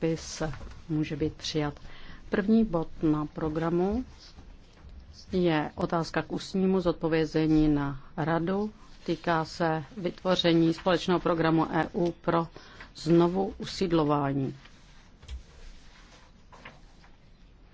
dopis může být přijat. První bod na programu je otázka k ústnímu zodpovězení na radu. Týká se vytvoření společného programu EU pro znovu usídlování.